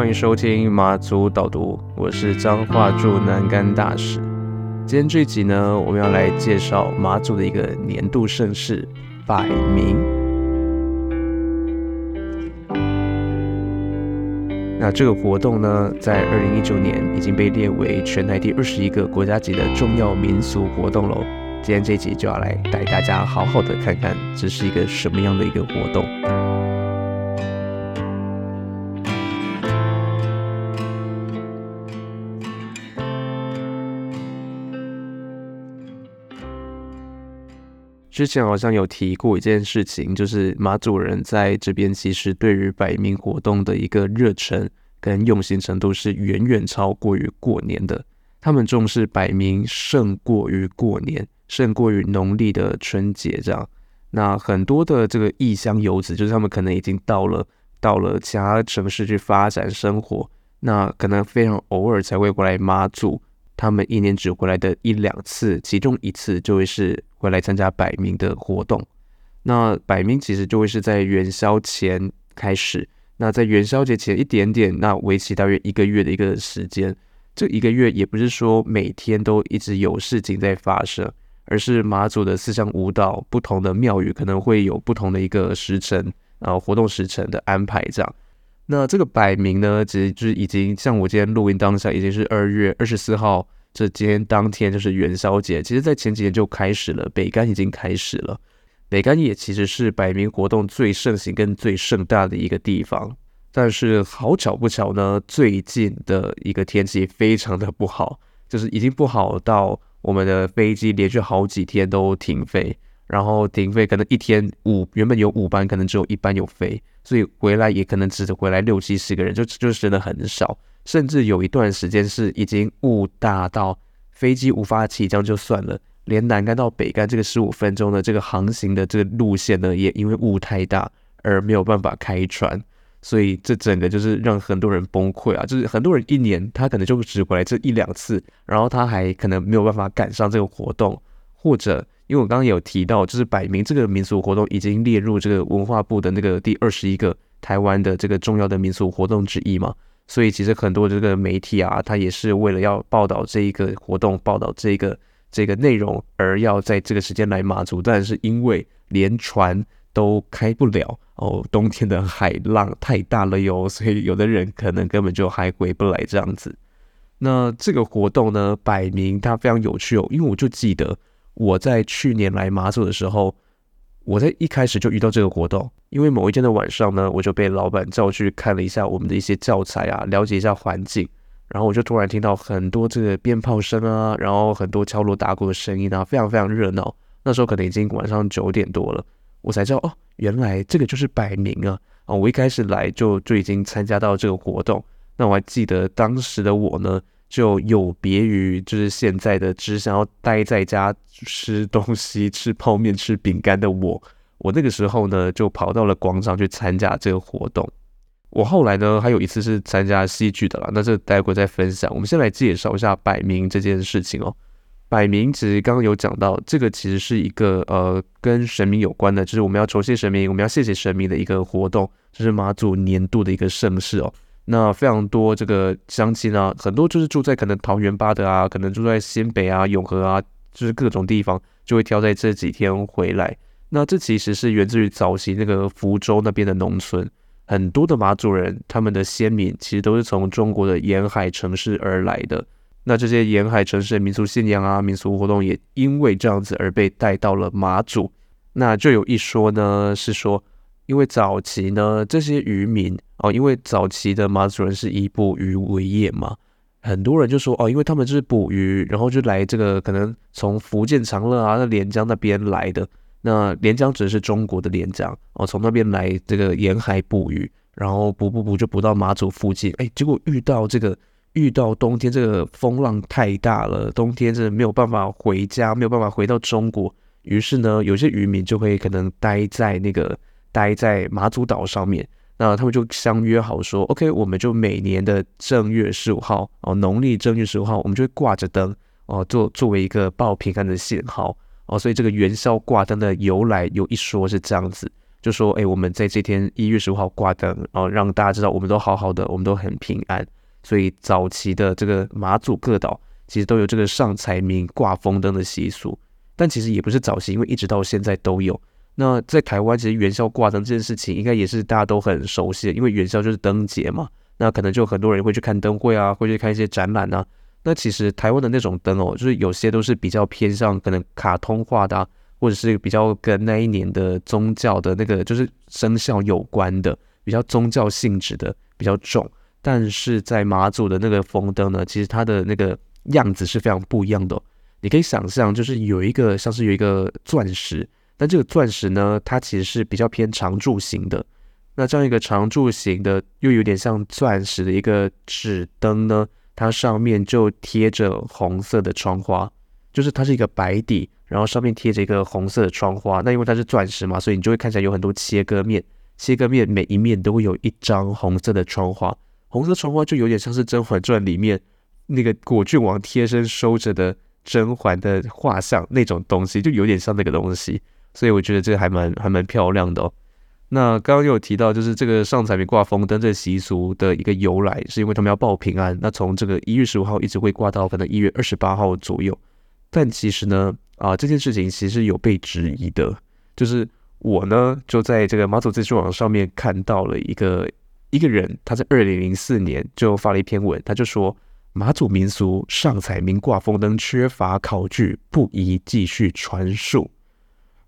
歡迎收聽馬祖導讀，我是張化柱南竿大使。今天這一集呢，我們要來介紹馬祖的一個年度盛事——擺暝。那這個活動呢，在二零一九年已經被列為全台第二十一個國家級的重要民俗活動嘍。今天這一集就要來帶大家好好的看看，這是一個什麼樣的一個活動。之前好像有提過一件事情，就是馬祖人在這邊其實對於擺暝活動的一個熱忱跟用心程度是遠遠超過於過年的，他們重視擺暝勝過於過年，勝過於農曆的春節這樣。那很多的這個異鄉遊子，就是他們可能已經到了到了其他城市去發展生活，那可能非常偶爾才會過來馬祖。他們一年只回來的一兩次，其中一次就會是回來參加擺暝的活動。那擺暝其實就會是在元宵前開始，那在元宵節前一點點，那為期大約一個月的一個時間。這一個月也不是說每天都一直有事情在發生，而是馬祖的四鄉五島，不同的廟宇可能會有不同的一個時辰，呃，活動時辰的安排這樣。那這個擺暝呢，其實就是已經像我今天錄音當下，已經是二月二十四號，這今天當天就是元宵節。其實，在前幾天就開始了，北竿已經開始了。北竿也其實是擺暝活動最盛行跟最盛大的一個地方，但是好巧不巧呢，最近的一個天氣非常的不好，就是已經不好到我們的飛機連續好幾天都停飛。然後停飛，可能一天五原本有五班，可能只有一班有飛，所以回來也可能只回來六七十個人，就就真的很少。甚至有一段時間是已經霧大到飛機無法起降，就算了，連南竿到北竿這個十五分鐘的這個航行的這個路線呢，也因為霧太大而沒有辦法開船。所以這整個就是讓很多人崩潰啊！就是很多人一年他可能就只回來這一兩次，然後他還可能沒有辦法趕上這個活動，或者。因為我剛剛有提到，就是擺暝這個民俗活動已經列入這個文化部的那個第二十一個台灣的這個重要的民俗活動之一嘛，所以其實很多這個媒體啊，他也是為了要報道這一個活動，報道這個這個內容而要在這個時間來馬祖，但是因為連船都開不了哦，冬天的海浪太大了喲，所以有的人可能根本就還回不來這樣子。那這個活動呢，擺暝它非常有趣哦，因為我就記得。我在去年來馬祖的時候，我在一開始就遇到這個活動，因為某一天的晚上呢，我就被老板叫去看了一下我們的一些教材啊，了解一下環境，然後我就突然聽到很多這個鞭炮聲啊，然後很多敲鑼打鼓的聲音啊，非常非常熱鬧。那時候可能已經晚上九點多了，我才知道哦，原來這個就是擺暝啊啊！我一開始來就就已經參加到這個活動，那我還記得當時的我呢。就有別於就是現在的只想要待在家吃東西、吃泡麵、吃餅乾的我，我那個時候呢，就跑到了廣場去參加這個活動。我後來呢還有一次是參加戲劇的啦。那是待會再分享。我們先來介紹一下擺暝這件事情哦、喔。擺暝其實剛剛有講到，這個其實是一個呃跟神明有關的，就是我們要酬謝神明，我們要謝謝神明的一個活動，就是馬祖年度的一個盛事哦、喔。那非常多這個鄉親呢、啊，很多就是住在可能桃園八德啊，可能住在新北啊、永和啊，就是各種地方，就會挑在這幾天回來。那這其實是源自於早期那個福州那邊的農村，很多的馬祖人他們的先民其實都是從中國的沿海城市而來的。那這些沿海城市的民俗信仰啊、民俗活動也因為這樣子而被帶到了馬祖。那就有一說呢，是說。因為早期呢，這些漁民哦，因為早期的馬祖人是以捕魚為業嘛，很多人就說哦，因為他們就是捕魚，然後就來這個可能從福建長樂啊，那連江那邊來的，那連江指的是中國的連江哦，從那邊來這個沿海捕魚，然後捕捕捕就捕到馬祖附近，哎，結果遇到這個遇到冬天，這個風浪太大了，冬天真的沒有辦法回家，沒有辦法回到中國，於是呢，有些漁民就會可、可能待在那個。待在馬祖島上面，那他們就相約好說，OK，我們就每年的正月十五號哦，農曆正月十五號，我們就會掛着燈哦，作作為一個報平安的信號哦，所以這個元宵掛燈的由來有一說是這樣子，就說哎、欸，我們在這天一月十五號掛燈哦，讓大家知道我們都好好的，我們都很平安。所以早期的這個馬祖各島其實都有這個上彩暝掛風燈的習俗，但其實也不是早期，因為一直到現在都有。那在台灣，其實元宵掛燈這件事情應該也是大家都很熟悉的，因為元宵就是燈節嘛。那可能就很多人會去看燈會啊，會去看一些展覽啊。那其實台灣的那種燈哦、喔，就是有些都是比較偏向可能卡通化的，啊，或者是比較跟那一年的宗教的那個就是生肖有關的，比較宗教性質的比較重。但是在馬祖的那個風燈呢，其實它的那個樣子是非常不一樣的、喔。你可以想象，就是有一個像是有一個鑽石。但這個鑽石呢，它其實是比較偏長柱形的。那這樣一個長柱形的，又有點像鑽石的一個紙燈呢，它上面就貼着紅色的窗花，就是它是一個白底，然後上面貼着一個紅色的窗花。那因為它是鑽石嘛，所以你就會看起來有很多切割面，切割面每一面都會有一張紅色的窗花。紅色窗花就有點像是《甄嬛傳》裡面那個果郡王貼身收着的甄嬛的畫像那種東西，就有點像那個東西。所以我覺得這個還蠻還蠻漂亮的哦。那剛剛有提到，就是這個上彩暝掛風燈這習俗的一個由來，是因為他們要報平安。那從這個一月十五號一直會掛到可能一月二十八號左右。但其實呢，啊，這件事情其實有被質疑的。就是我呢，就在這個馬祖資訊網上面看到了一個一個人，他在二零零四年就發了一篇文，他就說馬祖民俗上彩暝掛風燈缺乏考據，不宜繼續傳述。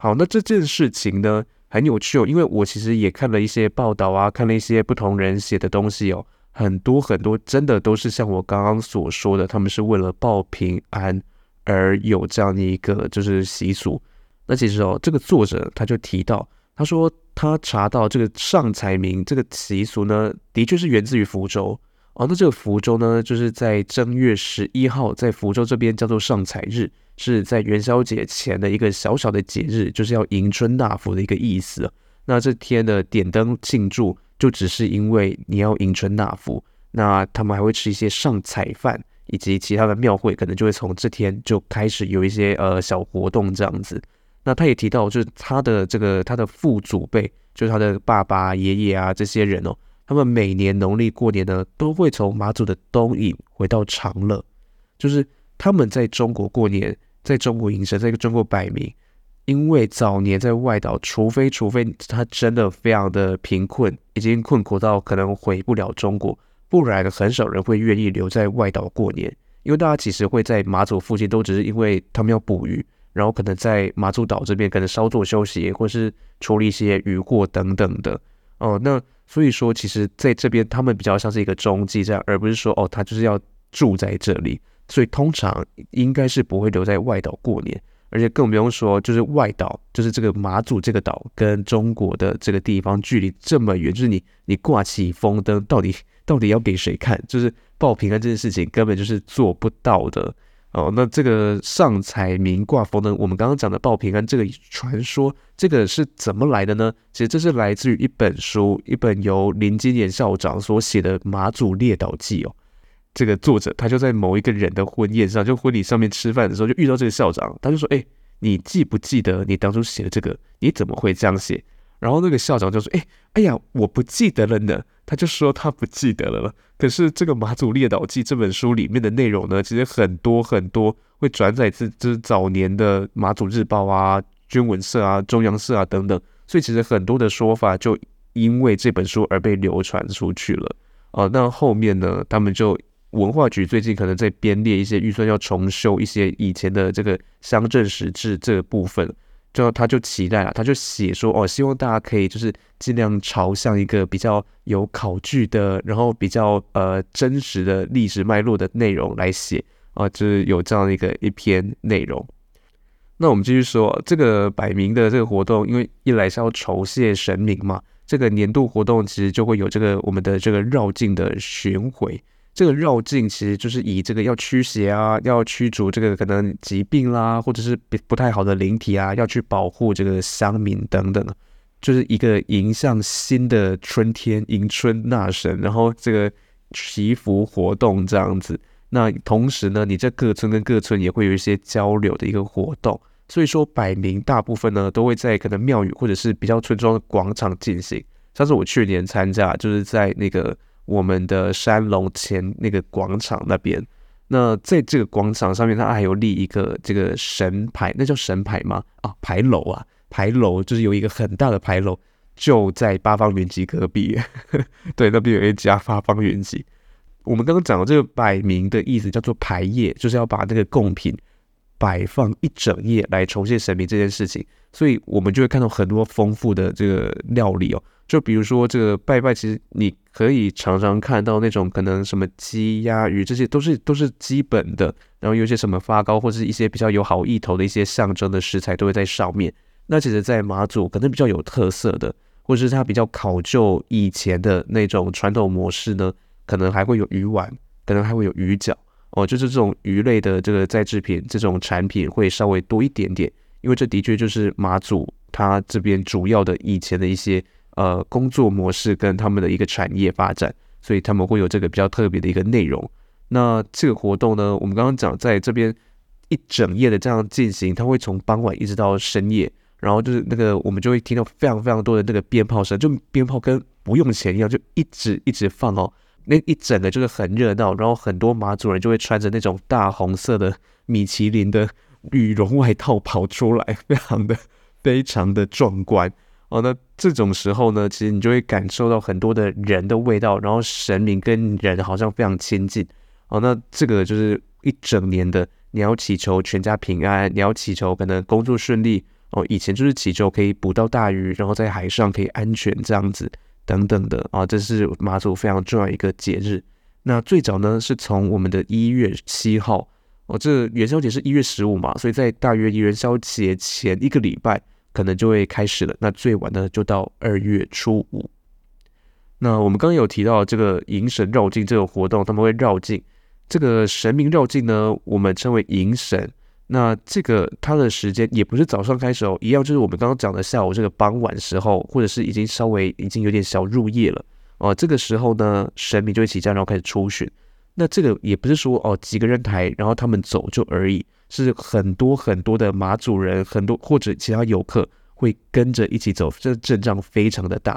好，那這件事情呢，很有趣哦，因為我其實也看了一些報道啊，看了一些不同人寫的東西哦，很多很多，真的都是像我剛剛所說的，他們是為了報平安而有這樣的一個就是習俗。那其實哦，這個作者他就提到，他說他查到這個上彩暝這個習俗呢，的確是源自於福州啊。哦，那這個福州呢，就是在正月十一號，在福州這邊叫做上彩日。是在元宵節前的一個小小的節日，就是要迎春納福的一個意思。那這天的點燈慶祝，就只是因為你要迎春納福。那他們還會吃一些上彩飯，以及其他的廟會，可能就會從這天就開始有一些呃小活動這樣子。那他也提到，就是他的這個他的父祖輩，就是他的爸爸爺爺啊這些人哦，他們每年農曆過年呢，都會從馬祖的東引回到長樂，就是他們在中國過年。在中國營生，在一個中國擺暝。因為早年在外島，除非除非他真的非常的貧困，已經困苦到可能回不了中國，不然很少人會願意留在外島過年。因為大家其實會在馬祖附近，都只是因為他們要捕魚，然後可能在馬祖島這邊可能稍作休息，或是處理一些漁獲等等的。哦、嗯，那所以說，其實在這邊他們比較像是一個中繼站，而不是說哦，他就是要住在這裡。所以通常應該是不會留在外島過年，而且更不用說就是外島，就是這個馬祖這個島跟中國的這個地方距離這麼遠，就是你你掛起風燈到底到底要給誰看？就是報平安這件事情根本就是做不到的哦。那這個上彩暝掛風燈，我們剛剛講的報平安這個傳說，這個是怎麼來的呢？其實這是來自於一本書，一本由林金炎校長所寫的《馬祖列島記》哦。這個作者他就在某一個人的婚宴上，就婚禮上面吃飯的時候就遇到這個校長，他就說：“哎、欸，你記不記得你當初寫的這個？你怎麼會這樣寫？”然後那個校長就說：“哎、欸，哎呀，我不記得了呢。”他就說他不記得了。可是這個《馬祖列島記》這本書裡面的內容呢，其實很多很多會轉載自就是早年的《馬祖日報》啊、《軍聞社》啊、《中央社》啊等等，所以其實很多的說法就因為這本書而被流傳出去了。哦、呃，那後面呢，他們就。文化局最近可能在編列一些預算，要重修一些以前的這個鄉鎮史志。這個部分，就他就期待了，他就寫說哦，希望大家可以就是盡量朝向一個比較有考據的，然後比較呃真實的歷史脈絡的內容來寫啊，就是有這樣一個一篇內容。那我們繼續說這個擺暝的這個活動，因為一來是要酬謝神明嘛，這個年度活動其實就會有這個我們的這個繞境的巡迴。這個繞境其實就是以這個要驅邪啊，要驅逐這個可能疾病啦，或者是不不太好的靈體啊，要去保護這個鄉民等等，就是一個迎向新的春天，迎春納神，然後這個祈福活動這樣子。那同時呢，你在各村跟各村也會有一些交流的一個活動，所以說擺暝大部分呢都會在可能廟宇或者是比較村莊的廣場進行。像是我去年參加，就是在那個。我們的山龍前那個廣場那邊，那在這個廣場上面，它還有立一個這個神牌，那叫神牌嗎？啊，牌樓啊，牌樓就是有一個很大的牌樓，就在八方雲集隔壁。 對，那邊有一家八方雲集。我們剛剛講的這個擺暝的意思叫做排業，就是要把那個貢品。擺放一整夜來重現神明這件事情，所以我們就會看到很多豐富的這個料理哦。就比如說這個拜拜，其實你可以常常看到那種可能什麼雞鴨魚這些都是都是基本的，然後有些什麼發糕或是一些比較有好意頭的一些象徵的食材都會在上面。那其實，在馬祖可能比較有特色的，或是它比較考究以前的那種傳統模式呢，可能還會有魚丸，可能還會有魚餃。哦，就是這種魚類的這個再製品，這種產品會稍微多一點點，因為這的確就是馬祖它這邊主要的以前的一些呃工作模式跟他們的一個產業發展，所以他們會有這個比較特別的一個內容。那這個活動呢，我們剛剛講在這邊一整夜的這樣進行，它會從傍晚一直到深夜，然後就是那個我們就會聽到非常非常多的那個鞭炮聲，就鞭炮跟不用錢一樣，就一直一直放哦。那一整個就是很熱鬧，然後很多馬祖人就會穿着那種大紅色的米其林的羽絨外套跑出來，非常的非常的壯觀哦。那這種時候呢，其實你就會感受到很多的人的味道，然後神明跟人好像非常親近哦。那這個就是一整年的，你要祈求全家平安，你要祈求可能工作順利哦。以前就是祈求可以捕到大魚，然後在海上可以安全這樣子。等等的啊，這是馬祖非常重要一個節日。那最早呢，是從我們的一月七號，哦，這個、元宵節是一月十五嘛，所以在大約元宵節前一個禮拜，可能就會開始了。那最晚呢，就到二月初五。那我們剛剛有提到這個迎神繞境這個活動，他們會繞境，這個神明繞境呢，我們稱為迎神。那這個它的時間也不是早上開始哦，一樣就是我們剛剛講的下午這個傍晚時候，或者是已經稍微已經有點小入夜了哦，這個時候呢，神明就會起駕，然後開始出巡。那這個也不是說哦幾個人抬，然後他們走就而已，是很多很多的馬祖人，很多或者其他遊客會跟着一起走，這陣仗非常的大。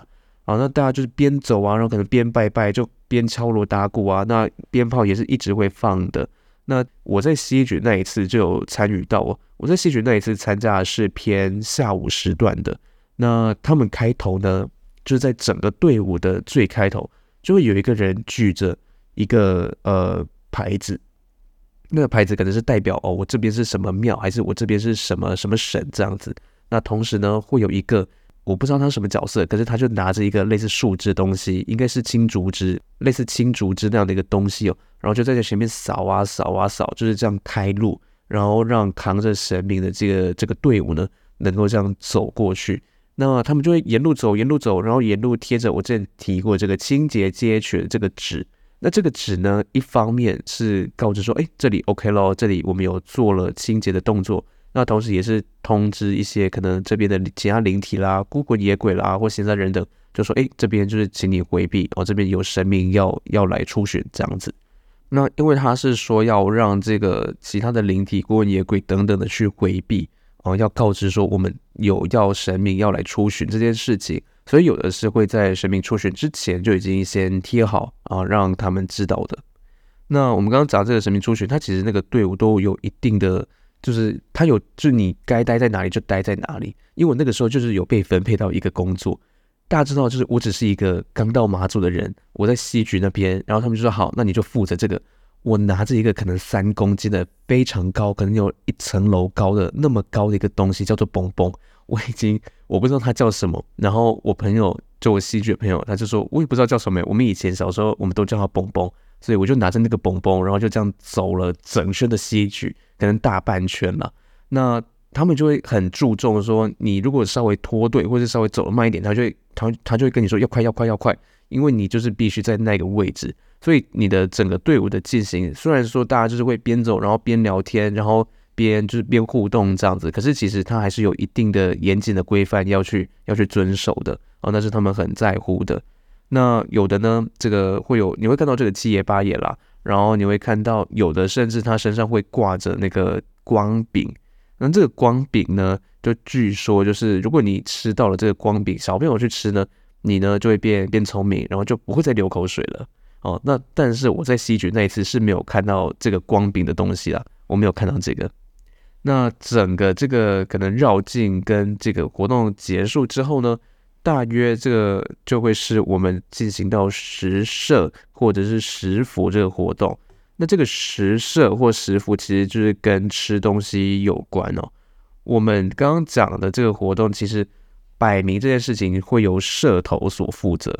啊、哦，那大家就是邊走啊，然後可能邊拜拜就邊敲鑼打鼓啊，那鞭炮也是一直會放的。那我在西莒那一次就有參與到哦。我在西莒那一次參加的是偏下午時段的。那他們開頭呢，就是在整個隊伍的最開頭，就會有一個人舉着一個呃牌子，那個牌子可能是代表哦，我這邊是什麼廟，還是我這邊是什麼什麼神這樣子。那同時呢，會有一個我不知道他什麼角色，可是他就拿着一個類似樹枝東西，應該是青竹枝，類似青竹枝那樣的一個東西哦。然後就在這前面掃啊掃啊掃，就是這樣開路，然後讓扛着神明的這個這個隊伍呢，能夠這樣走過去。那他們就會沿路走，沿路走，然後沿路貼着。我之前提過這個清潔街區這個紙，那這個紙呢，一方面是告知說，誒，這裡 OK 咯，這裡我們有做了清潔的動作。那同時也是通知一些可能這邊的其他靈體啦、孤魂野鬼啦或閒雜人等，就說，誒，這邊就是請你回避，哦，這邊有神明要要來出巡這樣子。那因為他是說要讓這個其他的靈體、孤魂野鬼等等的去回避，哦、啊，要告知說我們有要神明要來出巡這件事情，所以有的是會在神明出巡之前就已經先貼好啊，讓他們知道的。那我們剛剛講這個神明出巡，他其實那個隊伍都有一定的，就是他有就你該待在哪裡就待在哪裡，因為我那個時候就是有被分配到一個工作。大家知道，就是我只是一個剛到馬祖的人，我在西莒，那邊，然後他們就說好，那你就負責這個。我拿着一個可能三公斤的、非常高，可能有一層樓高的那麼高的一個東西，叫做“嘣嘣”。我已經我不知道它叫什麼。然後我朋友，就我西莒的朋友，他就說我也不知道叫什麼。我們以前小時候，我們都叫它“嘣嘣”。所以我就拿着那個“嘣嘣”，然後就這樣走了整圈的西莒，可能大半圈了。那他們就會很注重說，你如果稍微脫隊，或者稍微走得慢一點，他就會他他就會跟你說要快要快要快，因為你就是必須在那個位置，所以你的整個隊伍的進行，雖然說大家就是會邊走，然後邊聊天，然後邊就是邊互動這樣子，可是其實他還是有一定的嚴謹的規範要去要去遵守的哦、啊，那是他們很在乎的。那有的呢，這個會有你會看到這個七爺八爺啦，然後你會看到有的甚至他身上會掛着那個光餅。那這個光餅呢，就據說就是如果你吃到了這個光餅，小朋友去吃呢，你呢就會變變聰明，然後就不會再流口水了。哦，那但是我在西莒那一次是沒有看到這個光餅的東西啦，我沒有看到這個。那整個這個可能繞境跟這個活動結束之後呢，大約這個就會是我們進行到食社或者是食福這個活動。那這個食社或食福其實就是跟吃東西有關哦。我們剛剛講的這個活動，其實擺暝這件事情會由社頭所負責。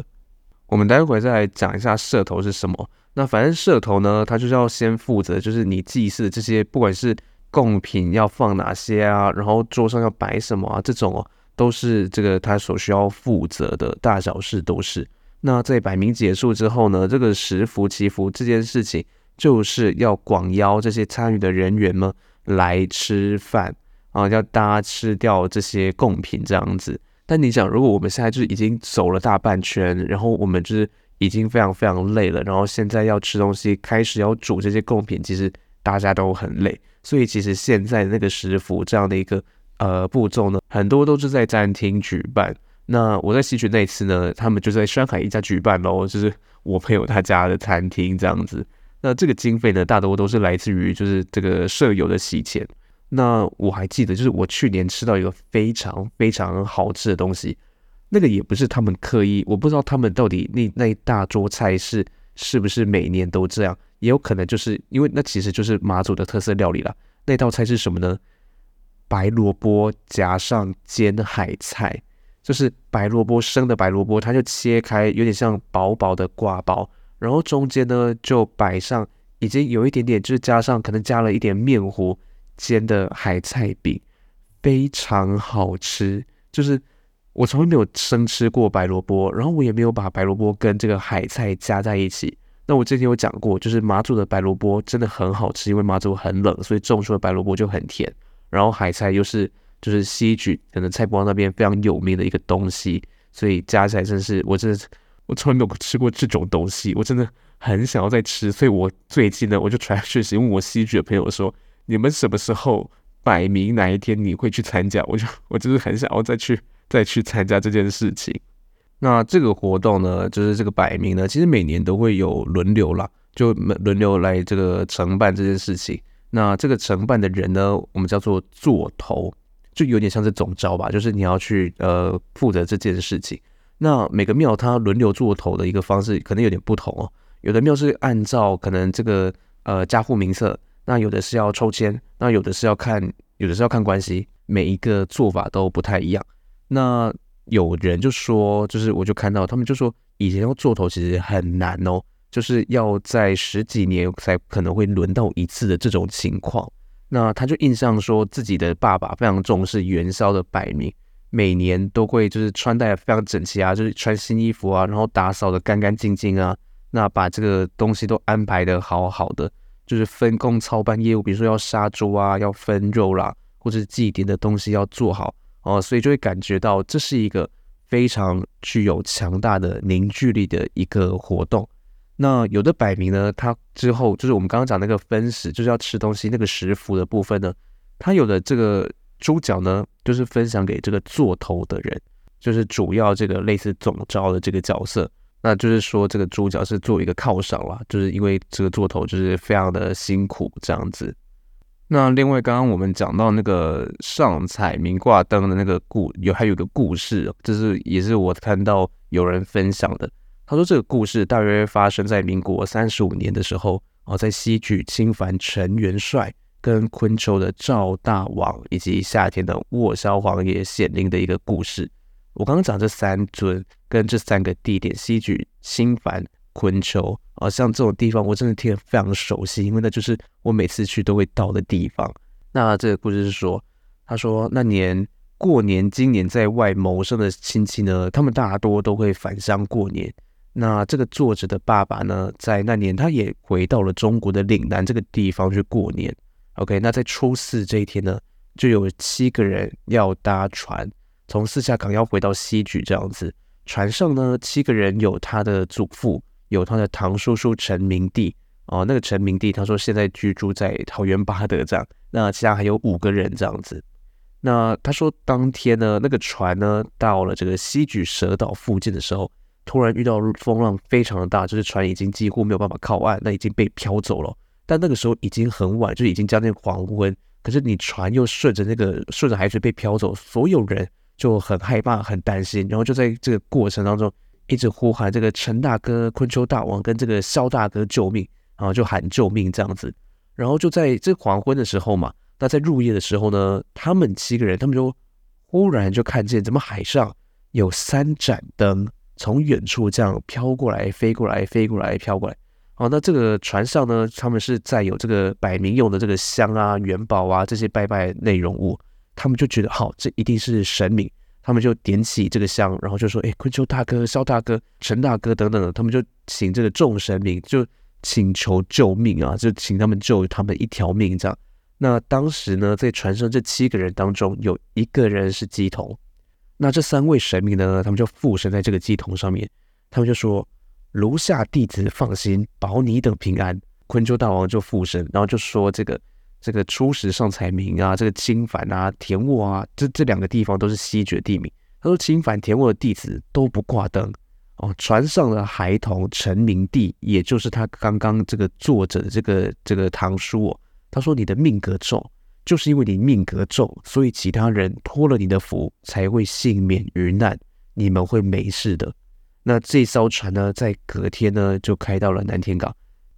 我們待會再來講一下社頭是什麼。那反正社頭呢，它就是要先負責，就是你祭祀這些，不管是供品要放哪些啊，然後桌上要擺什麼啊，這種、哦、都是這個它所需要負責的大小事都是。那在擺暝結束之後呢，這個食福祈福這件事情，就是要廣邀這些參與的人員們來吃飯啊，要大家吃掉這些供品這樣子。但你想，如果我們現在就是已經走了大半圈，然後我們就是已經非常非常累了，然後現在要吃東西，開始要煮這些供品，其實大家都很累。所以其實現在那個食福這樣的一個呃步驟呢，很多都是在餐廳舉辦。那我在西莒那次呢，他們就在山海一家舉辦咯，就是我朋友他家的餐廳這樣子。那這個經費呢，大多都是來自於就是這個社友的洗錢。那我還記得，就是我去年吃到一個非常非常好吃的東西，那個也不是他們刻意，我不知道他們到底那那一大桌菜是是不是每年都這樣，也有可能就是因為那其實就是馬祖的特色料理啦。那道菜是什麼呢？白蘿蔔加上煎海菜，就是白蘿蔔生的白蘿蔔，它就切開，有點像薄薄的刈包。然後中間呢，就擺上已經有一點點，就是加上可能加了一點麵糊煎的海菜餅，非常好吃。就是我從來沒有生吃過白蘿蔔，然後我也沒有把白蘿蔔跟這個海菜加在一起。那我之前有講過，就是馬祖的白蘿蔔真的很好吃，因為馬祖很冷，所以種出的白蘿蔔就很甜。然後海菜又是就是西莒，可能菜幫那邊非常有名的一個東西，所以加起來真是我真的。我從來沒有吃過這種東西，我真的很想要再吃，所以我最近呢，我就傳訊息問我西莒的朋友說：“你們什麼時候擺暝哪一天你會去參加？”我就我就是很想要再去再去參加這件事情。那這個活動呢，就是這個擺暝呢，其實每年都會有輪流啦，就輪流來這個承辦這件事情。那這個承辦的人呢，我們叫做做頭，就有點像是總召吧，就是你要去呃負責這件事情。那每個廟它輪流做頭的一個方式可能有點不同哦，有的廟是按照可能這個呃家戶名冊，那有的是要抽籤，那有的是要看，有的是要看關係，每一個做法都不太一樣。那有人就說，就是我就看到他們就說，以前要做頭其實很難哦，就是要在十幾年才可能會輪到一次的這種情況。那他就印象說自己的爸爸非常重視元宵的擺暝。每年都會就是穿戴得非常整齊啊，就是穿新衣服啊，然後打掃得乾乾淨淨啊，那把這個東西都安排得好好的，就是分工操辦業務，比如說要殺豬啊，要分肉啦，或者祭典的東西要做好哦、啊，所以就會感覺到這是一個非常具有強大的凝聚力的一個活動。那有的擺暝呢，它之後就是我們剛剛講那個分食，就是要吃東西那個食服的部分呢，它有的這個豬腳呢。就是分享給這個做頭的人，就是主要這個類似總召的這個角色，那就是說，這個主角是做一個犒賞啦，就是因為這個做頭就是非常的辛苦這樣子。那另外剛剛我們講到那個上彩明掛燈的那個故有，還有一個故事，就是也是我看到有人分享的。他說這個故事大約發生在民國三十五年的時候，哦，在西莒青帆陳元帥。跟昆丘的趙大王以及夏天的臥銷王爺顯靈的一個故事。我剛剛講這三尊跟這三個地點，西舉、新繁、昆丘，啊，像這種地方，我真的聽得非常熟悉，因為那就是我每次去都會到的地方。那這個故事是說，他說那年過年，今年在外謀生的親戚呢，他們大多都會返鄉過年。那這個作者的爸爸呢，在那年他也回到了中國的嶺南這個地方去過年。OK，那在初四這一天呢，就有七個人要搭船，從四下港要回到西莒這樣子。船上呢，七個人有他的祖父，有他的堂叔叔陳明帝哦，那個陳明帝他說現在居住在桃園八德這樣。那其他還有五個人這樣子。那他說當天呢，那個船呢，到了這個西莒蛇島附近的時候，突然遇到風浪非常的大，就是船已經幾乎沒有辦法靠岸，那已經被漂走了。但那個時候已經很晚，就已經將近黃昏。可是你船又順着那個順着海水被漂走，所有人就很害怕、很擔心，然後就在這個過程當中一直呼喊這個陳大哥、昆丘大王跟這個蕭大哥救命，然後就喊救命這樣子。然後就在這黃昏的時候嘛，那在入夜的時候呢，他們七個人他們就忽然就看見怎麼海上有三盞燈從遠處這樣飄過來、飛過來、飛過來、飄過來。哦，那這個船上呢，他們是載有這個擺暝用的這個香啊、元寶啊這些拜拜內容物，他們就覺得好、哦，這一定是神明，他們就點起這個香，然後就說：“哎、欸，昆秋大哥、蕭大哥、陳大哥等等的，他們就請這個眾神明就請求救命啊，就請他們救他們一條命。”這樣，那當時呢，在船上這七個人當中，有一個人是乩童，那這三位神明呢，他們就附身在這個乩童上面，他們就說。爐下弟子放心，保你等平安。昆州大王就附身，然後就說、這個：“這個這個初時上才名啊，這個清凡啊、田沃啊，這這兩個地方都是西絕地名。他說，清凡、田沃的弟子都不掛燈哦。船上的孩童陳明帝，也就是他剛剛這個作者的這個這個堂叔哦。他說，你的命格重，就是因為你命格重，所以其他人托了你的福才會幸免於難，你們會沒事的。”那這艘船呢，在隔天呢就開到了南天港，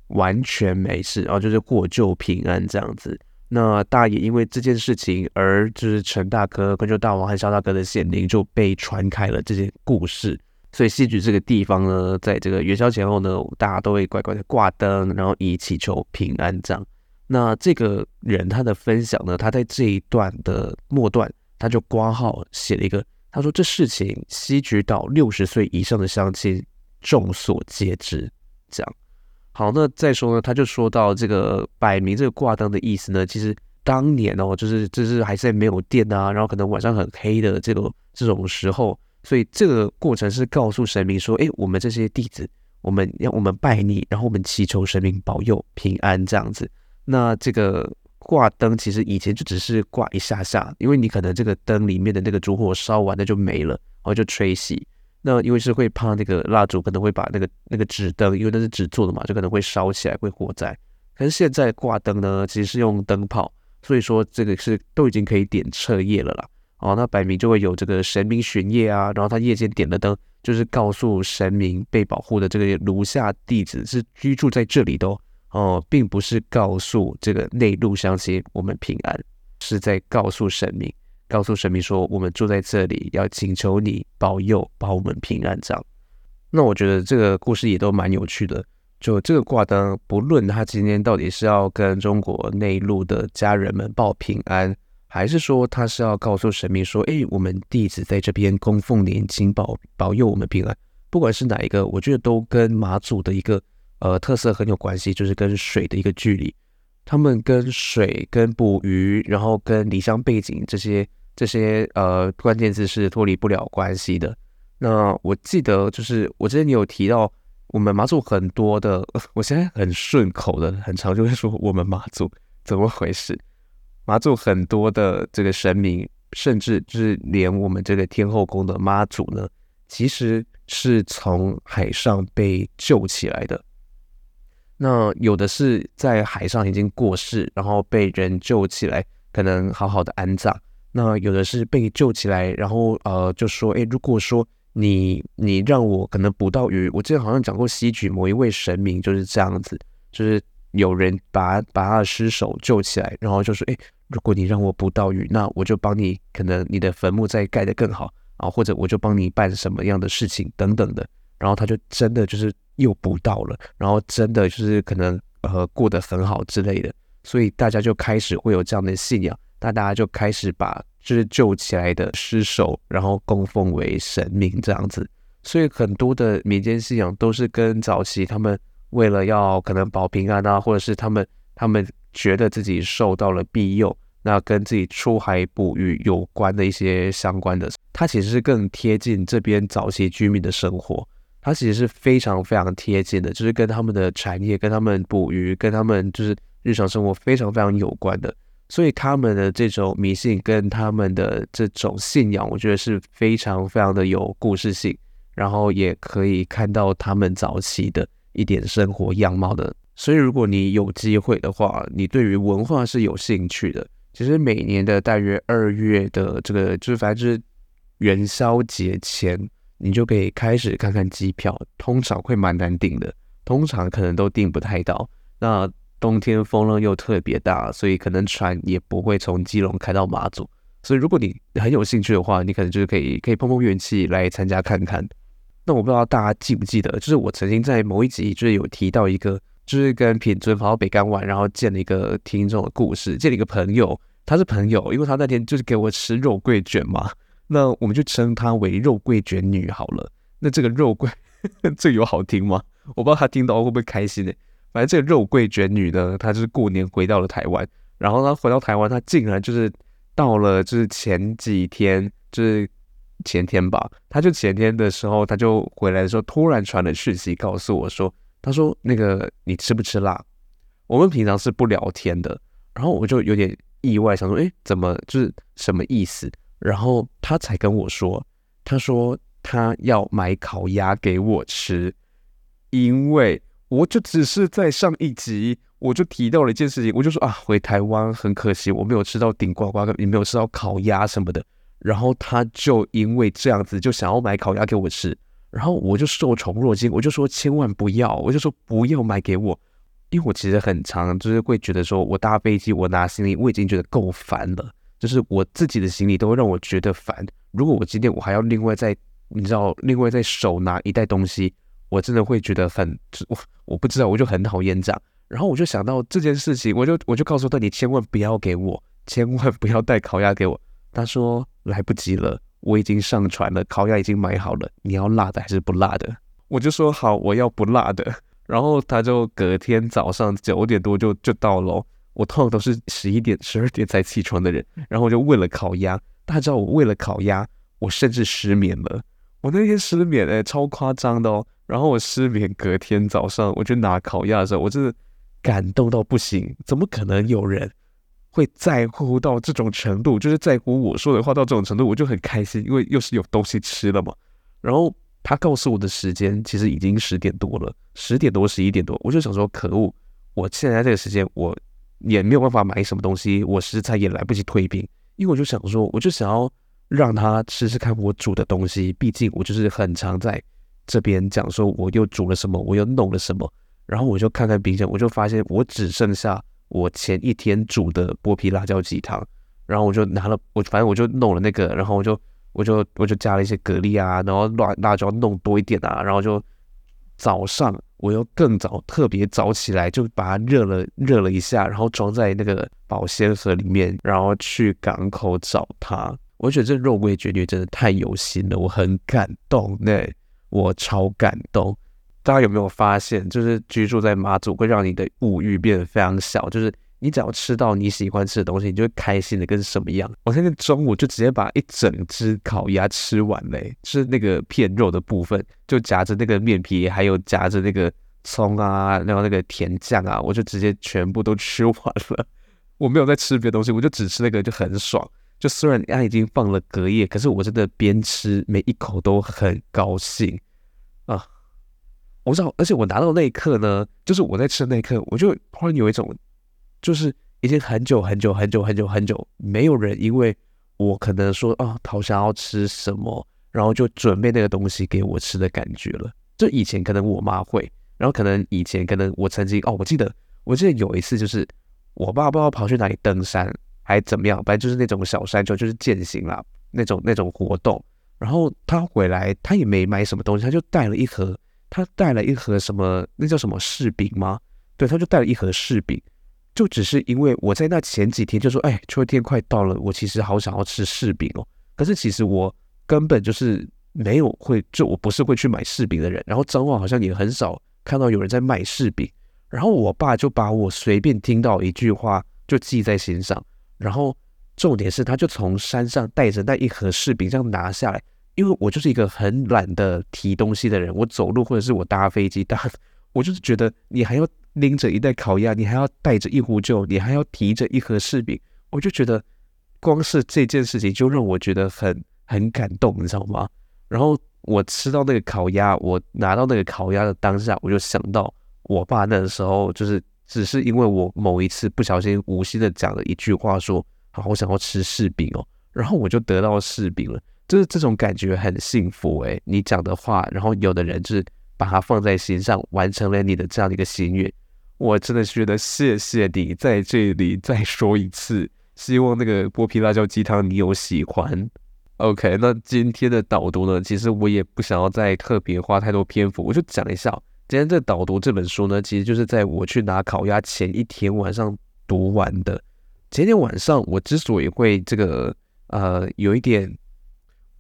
完全沒事然後、哦、就是過舊平安這樣子。那大爺因為這件事情而就是陳大哥，跟州大王和肖大哥的顯靈就被傳開了這件故事。所以，西莒這個地方呢，在這個元宵前後呢，大家都會乖乖的掛燈，然後以祈求平安。這樣，那這個人他的分享呢，他在這一段的末段，他就括號寫了一個。他說：“這事情西莒島六十歲以上的鄉親眾所皆知，這樣。好，那再說呢，他就說到這個擺暝這個掛燈的意思呢，其實當年哦、喔，就是就是還在沒有電啊，然後可能晚上很黑的這種這種時候，所以這個過程是告訴神明說，哎、欸，我們這些弟子，我們要我們拜你，然後我們祈求神明保佑平安這樣子。那這個。”掛燈其實以前就只是掛一下下，因為你可能這個燈裡面的那個燭火燒完了就沒了，然後就吹熄。那因為是會怕那個蠟燭可能會把那個那個紙燈，因為那是紙做的嘛，就可能會燒起來會火災。可是現在掛燈呢，其實是用燈泡，所以說這個是都已經可以點徹夜了啦。哦，那擺暝就會有這個神明巡夜啊，然後他夜間點的燈就是告訴神明被保護的這個爐下弟子是居住在這裡的哦。哦，並不是告訴這個內陸鄉親我們平安，是在告訴神明，告訴神明說我們住在這裡，要請求你保佑，保我們平安。這樣，那我覺得這個故事也都蠻有趣的。就這個掛燈，不論他今天到底是要跟中國內陸的家人們報平安，還是說他是要告訴神明說，哎，我們弟子在這邊供奉您，請保保佑我們平安。不管是哪一個，我覺得都跟馬祖的一個。呃，特色很有關係，就是跟水的一個距離，他們跟水、跟捕魚，然後跟離鄉背井這些這些呃關鍵字是脫離不了關係的。那我記得就是我之前有提到，我們馬祖很多的，我現在很順口的，很常就會說我們馬祖怎麼回事？馬祖很多的這個神明，甚至就是連我們這個天後宮的媽祖呢，其實是從海上被救起來的。那有的是在海上已經過世，然後被人救起來，可能好好的安葬。那有的是被救起來，然後呃，就說，哎，如果說你你讓我可能捕到魚，我記得好像講過西莒某一位神明就是這樣子，就是有人把把他的屍首救起來，然後就說，哎，如果你讓我捕到魚，那我就幫你，可能你的墳墓再蓋得更好啊，或者我就幫你辦什麼樣的事情等等的。然後他就真的就是又捕到了，然後真的就是可能呃過得很好之類的，所以大家就開始會有這樣的信仰，那大家就開始把就是救起來的屍首，然後供奉為神明這樣子，所以很多的民間信仰都是跟早期他們為了要可能保平安啊，或者是他們他們覺得自己受到了庇佑，那跟自己出海捕魚有關的一些相關的，它其實是更貼近這邊早期居民的生活。它其實是非常非常貼近的，就是跟他們的產業、跟他們捕魚、跟他們就是日常生活非常非常有關的。所以他們的這種迷信跟他們的這種信仰，我覺得是非常非常的有故事性，然後也可以看到他們早期的一點生活樣貌的。所以如果你有機會的話，你對於文化是有興趣的。其實每年的大約二月的這個，就是反正就是元宵節前。你就可以開始看看機票，通常會蠻難訂的，通常可能都訂不太到。那冬天風浪又特別大，所以可能船也不會從基隆開到馬祖。所以如果你很有興趣的話，你可能就是可以可以碰碰運氣來參加看看。那我不知道大家記不記得，就是我曾經在某一集就有提到一個，就是跟品尊跑到北竿玩，然後見了一個聽眾的故事，見了一個朋友，他是朋友，因為他那天就是給我吃肉桂捲嘛。那我們就稱她為肉桂卷女好了。那這個肉桂，呵呵這個有好聽嗎？我不知道她聽到會不會開心呢，反正這個肉桂卷女呢，她就是過年回到了台灣，然後她回到台灣，她竟然就是到了就是前幾天，就是前天吧，她就前天的時候，她就回來的時候，突然傳了訊息告訴我說，她說那個你吃不吃辣？我們平常是不聊天的，然後我就有點意外，想說，哎，怎麼就是什麼意思？然後他才跟我說，他說他要買烤鴨給我吃，因為我就只是在上一集我就提到了一件事情，我就說啊回台灣很可惜我沒有吃到頂呱呱，也沒有吃到烤鴨什麼的。然後他就因為這樣子就想要買烤鴨給我吃，然後我就受寵若驚，我就說千萬不要，我就說不要買給我，因為我其實很常，就是會覺得說我搭飛機我拿行李我已經覺得夠煩了。就是我自己的行李都會讓我覺得煩。如果我今天我還要另外再，你知道，另外再手拿一袋東西，我真的會覺得很，我我不知道，我就很討厭這樣。然後我就想到這件事情，我就我就告訴他，你千萬不要給我，千萬不要帶烤鴨給我。他說來不及了，我已經上船了，烤鴨已經買好了。你要辣的還是不辣的？我就說好，我要不辣的。然後他就隔天早上九點多就就到嘍、哦。我通常都是十一點、十二點才起床的人，然後我就為了烤鴨，大家知道我為了烤鴨，我甚至失眠了。我那天失眠誒、欸，超誇張的哦。然後我失眠，隔天早上我就拿烤鴨的時候，我真的感動到不行。怎麼可能有人會在乎到這種程度？就是在乎我說的話到這種程度，我就很開心，因為又是有東西吃了嘛。然後他告訴我的時間其實已經十點多了，十點多、十一點多，我就想說，可惡，我現在這個時間我。也沒有辦法買什麼東西，我食材也來不及退冰，因為我就想說，我就想要讓他吃吃看我煮的東西，畢竟我就是很常在這邊講說我又煮了什麼，我又弄了什麼，然後我就看看冰箱，我就發現我只剩下我前一天煮的剝皮辣椒雞湯，然後我就拿了，我反正我就弄了那個，然後我就我就我就加了一些蛤蜊啊，然後亂辣椒弄多一點啊，然後就早上。我又更早特別早起來，就把它熱了熱了一下，然後裝在那個保鮮盒裡面，然後去港口找他。我覺得這肉桂絕對真的太有心了，我很感動呢，我超感動。大家有沒有發現，就是居住在馬祖會讓你的物慾變得非常小，就是。你只要吃到你喜歡吃的東西，你就會開心的跟什麼樣？我現在中午就直接把一整隻烤鴨吃完嘞，就是那個片肉的部分，就夾着那個麵皮，還有夾着那個蔥啊，然後那個甜醬啊，我就直接全部都吃完了。我沒有再吃別的東西，我就只吃那個就很爽。就雖然它已經放了隔夜，可是我真的邊吃每一口都很高興啊！我知道，而且我拿到那一刻呢，就是我在吃的那一刻，我就突然有一種。就是已經很久很久很久很久很久沒有人因為我可能說啊，好想要吃什麼，然後就準備那個東西給我吃的感覺了。就以前可能我媽會，然後可能以前可能我曾經哦，我記得我記得有一次就是我爸不知道跑去哪裡登山還怎麼樣，反正就是那種小山丘就是健行啦，那種那種活動。然後他回來他也沒買什麼東西，他就帶了一盒，他帶了一盒什麼，那叫什麼柿餅嗎？對，他就帶了一盒柿餅。就只是因為我在那前幾天就說，哎，秋天快到了，我其實好想要吃柿餅哦。可是其實我根本就是沒有會，就我不是會去買柿餅的人。然後彰化好像也很少看到有人在賣柿餅。然後我爸就把我隨便聽到一句話就記在心上。然後重點是，他就從山上帶着那一盒柿餅這樣拿下來，因為我就是一個很懶得提東西的人，我走路或者是我搭飛機搭。我就是覺得你還要拎着一袋烤鴨，你還要帶着一壺酒，你還要提着一盒柿餅，我就覺得光是這件事情就讓我覺得很很感動，你知道嗎？然後我吃到那個烤鴨，我拿到那個烤鴨的當下，我就想到我爸那時候，就是只是因為我某一次不小心無心的講了一句話，說：“好，我想要吃柿餅哦。”然後我就得到柿餅了，就是這種感覺很幸福誒、哎。你講的話，然後有的人就是。把它放在心上，完成了你的這樣一個心願，我真的覺得謝謝你，在這裡再說一次。希望那個剝皮辣椒雞湯你有喜歡。OK，那今天的導讀呢，其實我也不想要再特別花太多篇幅，我就講一下，今天這導讀這本書呢，其實就是在我去拿烤鴨前一天晚上讀完的。前天晚上我之所以會這個呃有一點。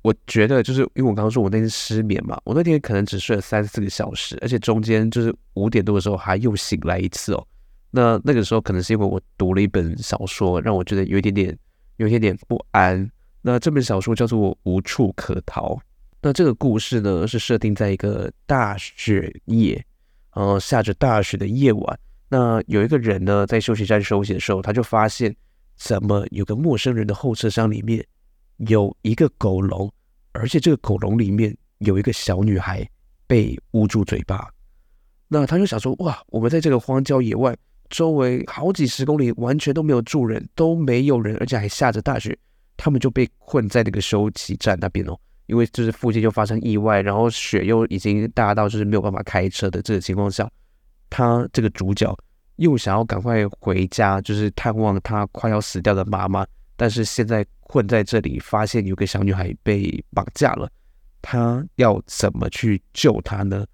我覺得就是因為我剛剛說我那天失眠嘛，我那天可能只睡了三四個小時，而且中間就是五點多的時候還又醒來一次哦。那那個時候可能是因為我讀了一本小說，讓我覺得有一點點、有一點點不安。那這本小說叫做《無處可逃》。那這個故事呢是設定在一個大雪夜，嗯，下着大雪的夜晚。那有一個人呢在休息站休息的時候，他就發現怎麼有個陌生人的後車廂裡面有一個狗籠。而且這個狗籠裡面有一個小女孩被捂住嘴巴，那他就想說：哇，我們在這個荒郊野外，周圍好幾十公里完全都沒有住人，都沒有人，而且還下着大雪，他們就被困在那個休息站那邊哦。因為就是附近就發生意外，然後雪又已經大到就是沒有辦法開車的這個情況下，他這個主角又想要趕快回家，就是探望他快要死掉的媽媽。但是現在困在這裡，發現有個小女孩被綁架了，她要怎麼去救她呢？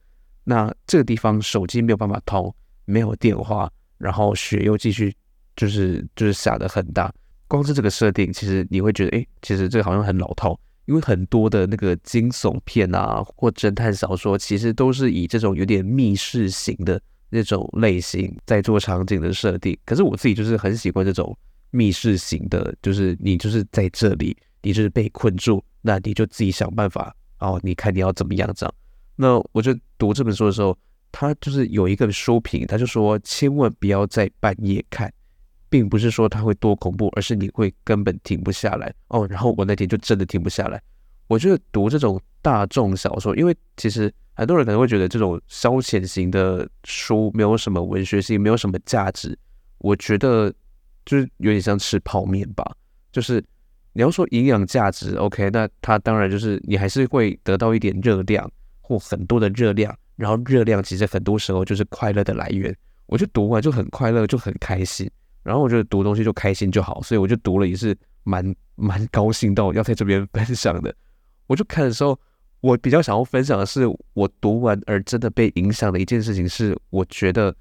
那這個地方手機沒有辦法通，沒有電話，然後雪又繼續就是就是下得很大。光是這個設定，其實你會覺得，哎、欸，其實這個好像很老套，因為很多的那個驚悚片啊或偵探小說，其實都是以這種有點密室型的那種類型在做場景的設定。可是我自己就是很喜歡這種。密室型的，就是你就是在這裡，你就是被困住，那你就自己想辦法，哦。你看你要怎麼樣這樣。那我就讀這本書的時候，他就是有一個書評，他就說千萬不要在半夜看，並不是說他會多恐怖，而是你會根本停不下來哦。然後我那天就真的停不下來。我覺得讀這種大眾小說，因為其實很多人可能會覺得這種消遣型的書沒有什麼文學性，沒有什麼價值。我覺得。就是有點像吃泡麵吧，就是你要說營養價值，OK，那它當然就是你還是會得到一點熱量或很多的熱量，然後熱量其實很多時候就是快樂的來源。我就讀完就很快樂，就很開心，然後我覺得讀東西就開心就好，所以我就讀了也是蠻蠻高興到要在這邊分享的。我就看的時候，我比較想要分享的是我讀完而真的被影響的一件事情是，我覺得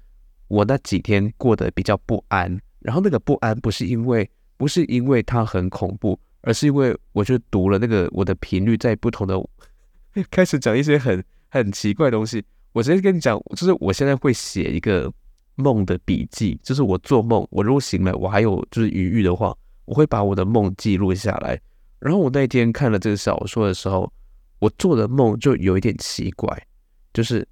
我那幾天過得比較不安。然後那個不安不是因為不是因為它很恐怖，而是因為我就讀了那個我的頻率在不同的開始講一些很很奇怪的東西。我直接跟你講，就是我現在會寫一個夢的筆記，就是我做夢，我如果醒了，我還有就是餘裕的話，我會把我的夢記錄下來。然後我那天看了這個小說的時候，我做的夢就有一點奇怪，就是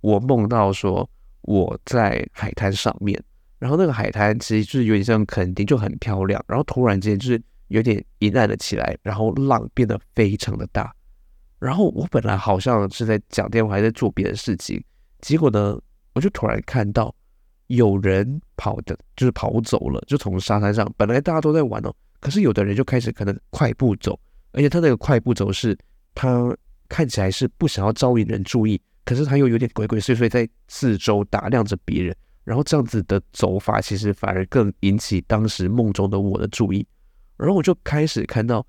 我夢到說我在海灘上面。然後那個海灘其實就是有點像墾丁，就很漂亮。然後突然間就是有點陰暗了起來，然後浪變得非常的大。然後我本來好像是在講電話，還在做別的事情，結果呢，我就突然看到有人跑的，就是跑走了，就從沙灘上。本來大家都在玩哦，可是有的人就開始可能快步走，而且他那個快步走是，他看起來是不想要招引人注意，可是他又有點鬼鬼祟祟，在四周打量着別人。然後這樣子的走法，其實反而更引起當時夢中的我的注意，然後我就開始看到，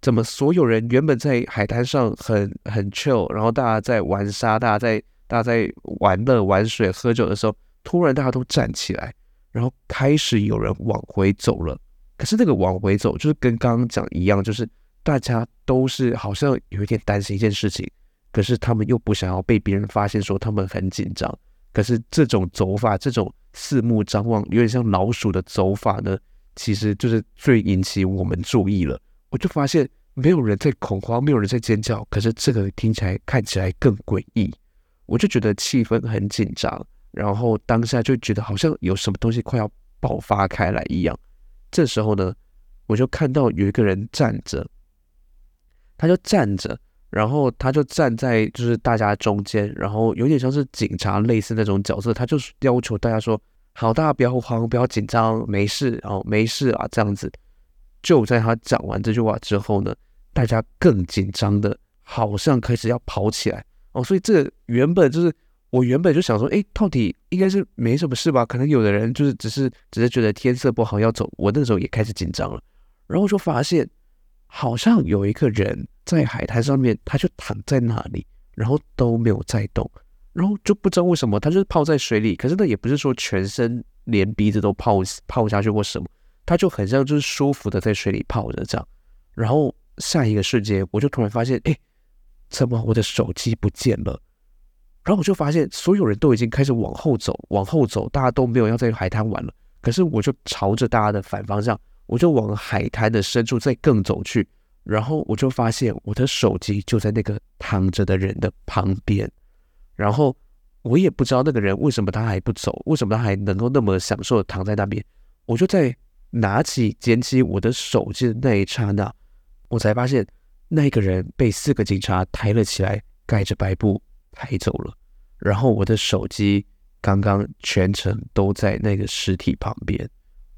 怎麼所有人原本在海灘上很很 chill，然後大家在玩沙，大家在大家在玩樂、玩水、喝酒的時候，突然大家都站起來，然後開始有人往回走了。可是那個往回走，就是跟剛剛講一樣，就是大家都是好像有一點擔心一件事情，可是他們又不想要被別人發現，說他們很緊張。可是這種走法，這種四目張望，有點像老鼠的走法呢，其實就是最引起我們注意了。我就發現沒有人在恐慌，沒有人在尖叫，可是這個聽起來看起來更詭異，我就覺得氣氛很緊張，然後當下就覺得好像有什麼東西快要爆發開來一樣。這時候呢，我就看到有一個人站着，他就站着。然後他就站在就是大家中間，然後有點像是警察類似那種角色，他就是要求大家說：“好，大家不要慌，不要緊張，沒事哦，沒事啊。”這樣子，就在他講完這句話之後呢，大家更緊張的，好像開始要跑起來哦。所以這原本就是我原本就想說：“誒，到底應該是沒什麼事吧？可能有的人就是只是只是覺得天色不好要走。”我那時候也開始緊張了，然後就發現。好像有一個人在海灘上面，他就躺在那裡，然後都沒有在動，然後就不知道為什麼他就是泡在水裡，可是那也不是說全身連鼻子都泡泡下去或什麼，他就很像就是舒服的在水裡泡着這樣。然後下一個瞬間，我就突然發現，誒，怎麼我的手機不見了？然後我就發現所有人都已經開始往後走，往後走，大家都沒有要在海灘玩了。可是我就朝着大家的反方向，我就往海灘的深處再更走去，然後我就發現我的手機就在那個躺着的人的旁邊，然後我也不知道那個人為什麼他還不走，為什麼他還能夠那麼享受躺在那邊。我就在拿起撿起我的手機的那一剎那，我才發現那個人被四個警察抬了起來，蓋着白布抬走了。然後我的手機剛剛全程都在那個屍體旁邊。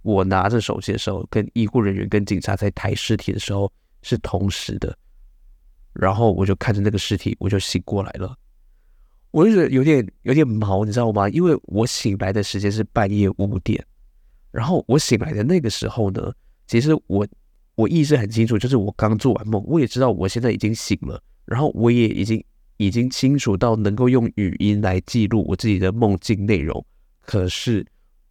我拿着手機的時候，跟醫護人員、跟警察在抬屍體的時候是同時的，然後我就看着那個屍體，我就醒過來了，我就覺得有點有點毛，你知道嗎？因為我醒來的時間是半夜五點，然後我醒來的那個時候呢，其實我我意識很清楚，就是我剛做完夢，我也知道我現在已經醒了，然後我也已經已經清楚到能夠用語音來記錄我自己的夢境內容，可是。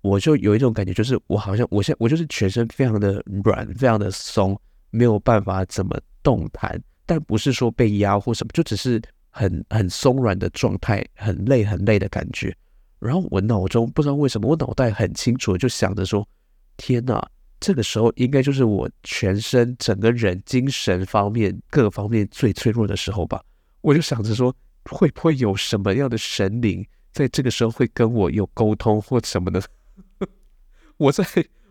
我就有一種感覺，就是我好像，我現在我就是全身非常的軟，非常的鬆，沒有辦法怎麼動彈。但不是說被壓或什麼，就只是很很鬆軟的狀態，很累很累的感覺。然後我腦中不知道為什麼，我腦袋很清楚，就想着說：天哪，這個時候應該就是我全身整個人精神方面各方面最脆弱的時候吧？我就想着說，會不會有什麼樣的神靈在這個時候會跟我有溝通或什麼的？我在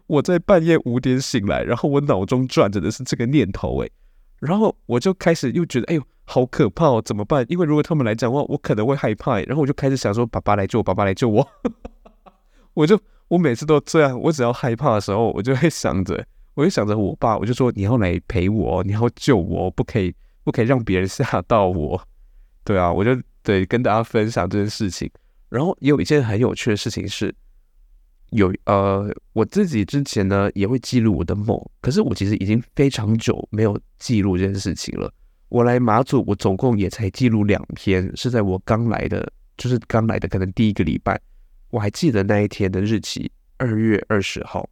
我在半夜五點醒來，然後我腦中轉着的是這個念頭哎，然後我就開始又覺得哎呦好可怕哦，怎麼辦？因為如果他們來講話，我可能會害怕。然後我就開始想說，爸爸來救我，爸爸來救我。 我就我每次都這樣，我只要害怕的時候，我就會想着，我就想着我爸，我就說，你要來陪我，你要救我，不可以不可以讓別人嚇到我。對啊，我就對跟大家分享這件事情。然後也有一件很有趣的事情是。有呃、，我自己之前呢也會記錄我的夢，可是我其實已經非常久沒有記錄這件事情了。我來馬祖，我總共也才記錄兩篇，是在我剛來的，就是剛來的可能第一個禮拜，我還記得那一天的日期，二月二十號。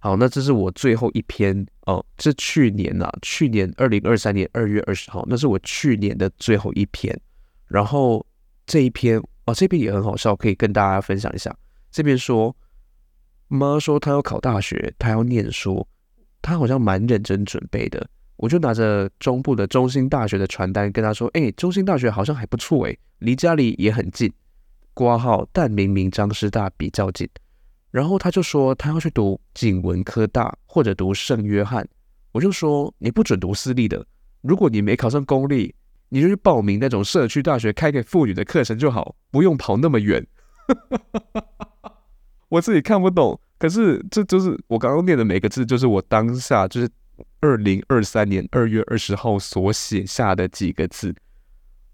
好，那這是我最後一篇哦，這、呃、去年吶、啊，去年二零二三年二月二十號，那是我去年的最後一篇。然後這一篇哦，這篇也很好笑，可以跟大家分享一下。這邊說，媽說她要考大學，她要念書，她好像蠻認真準備的。我就拿着中部的中興大學的傳單跟她說：“哎、欸，中興大學好像還不錯，誒，離家裡也很近，掛號。”但明明彰師大比較近。然後她就說她要去讀景文科大或者讀聖約翰。我就說你不准讀私立的，如果你沒考上公立，你就去報名那種社區大學開給婦女的課程就好，不用跑那麼遠。 我自己看不懂，可是這就是我剛剛念的每個字，就是我當下就是二零二三年二月二十號所寫下的幾個字。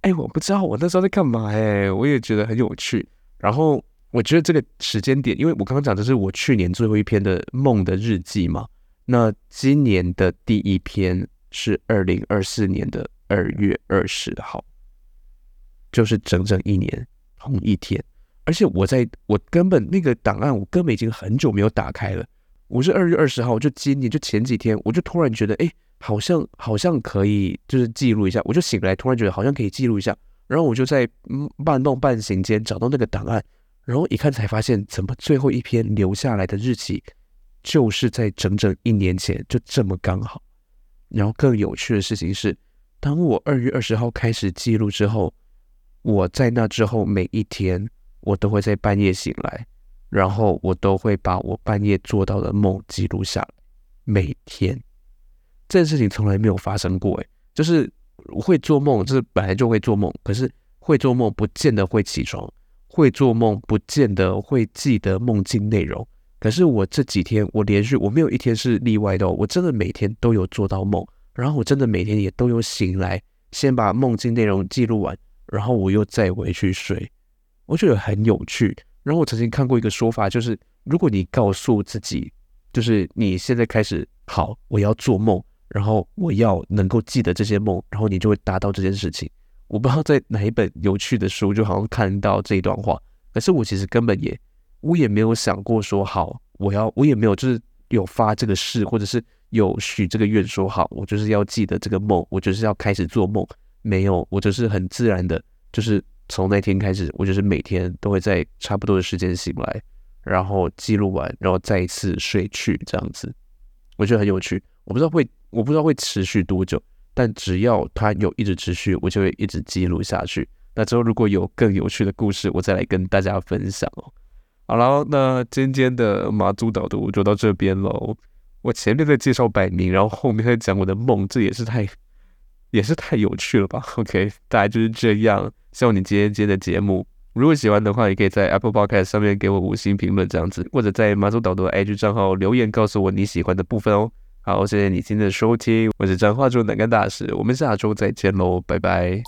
哎，我不知道我那時候在幹嘛，哎，我也覺得很有趣。然後我覺得這個時間點，因為我剛剛講的是我去年最後一篇的夢的日記嘛，那今年的第一篇是二零二四年的二月二十號，就是整整一年同一天。而且我在我根本那個檔案，我根本已經很久沒有打開了。我是二月二十號，就今年就前幾天，我就突然覺得，哎，好像好像可以，就是記錄一下。我就醒來，突然覺得好像可以記錄一下。然後我就在半夢半醒間找到那個檔案，然後一看才發現，怎麼最後一篇留下來的日期就是在整整一年前，就這麼剛好。然後更有趣的事情是，當我二月二十號開始記錄之後，我在那之後每一天。我都會在半夜醒來，然後我都會把我半夜做到的夢記錄下來。每天，這件事情從來沒有發生過。誒，就是會做夢，就是本來就會做夢。可是會做夢不見得會起床，會做夢不見得會記得夢境內容。可是我這幾天，我連續我沒有一天是例外的，我真的每天都有做到夢，然後我真的每天也都有醒來，先把夢境內容記錄完，然後我又再回去睡。我覺得很有趣。然後我曾經看過一個說法，就是如果你告訴自己，就是你現在開始好，我要做夢，然後我要能夠記得這些夢，然後你就會達到這件事情。我不知道在哪一本有趣的書，就好像看到這一段話。可是我其實根本也，我也沒有想過說好，我要，我也沒有就是有發這個誓，或者是有許這個願，說好，我就是要記得這個夢，我就是要開始做夢。沒有，我就是很自然的，就是。從那天開始，我就是每天都會在差不多的時間醒來，然後記錄完，然後再一次睡去，這樣子，我覺得很有趣。我不知道會，我不知道會持續多久，但只要它有一直持續，我就會一直記錄下去。那之後如果有更有趣的故事，我再來跟大家分享哦。好了，那今天，今天的馬祖導讀就到這邊嘍。我前面在介紹擺暝，然後後面在講我的夢，這也是太，也是太有趣了吧？OK，大概就是這樣。希望你今天聽的節目，如果喜歡的話，也可以在 Apple Podcast 上面給我五星評論這樣子，或者在馬祖導讀的 IG 賬號留言告訴我你喜歡的部分哦。好，謝謝你今天的收聽，我是張華忠南竿大使，我們下周再見嘍，拜拜。